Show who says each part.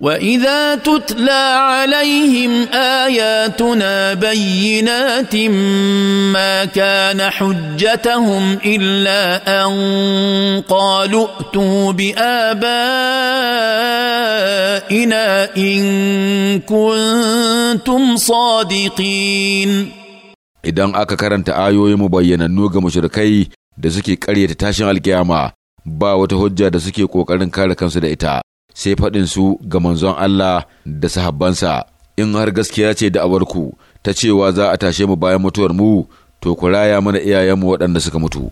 Speaker 1: واذا تتلى عليهم اياتنا بينات ما كان حجتهم الا ان قالوا ائتوا بابائنا ان كنتم صادقين
Speaker 2: idan aka karanta ayoyin bayyanannu ga mushrikai da suke karyata tashin alkiyama ba wata hujja da suke kokarin kare kansu da ita sai faɗin su ga manzon Allah da sahabbansa in har gaskiya ce da awarku ta cewa za a tashe mu bayan mutuwar mu to ku raya mana iyayenmu waɗanda suka mutu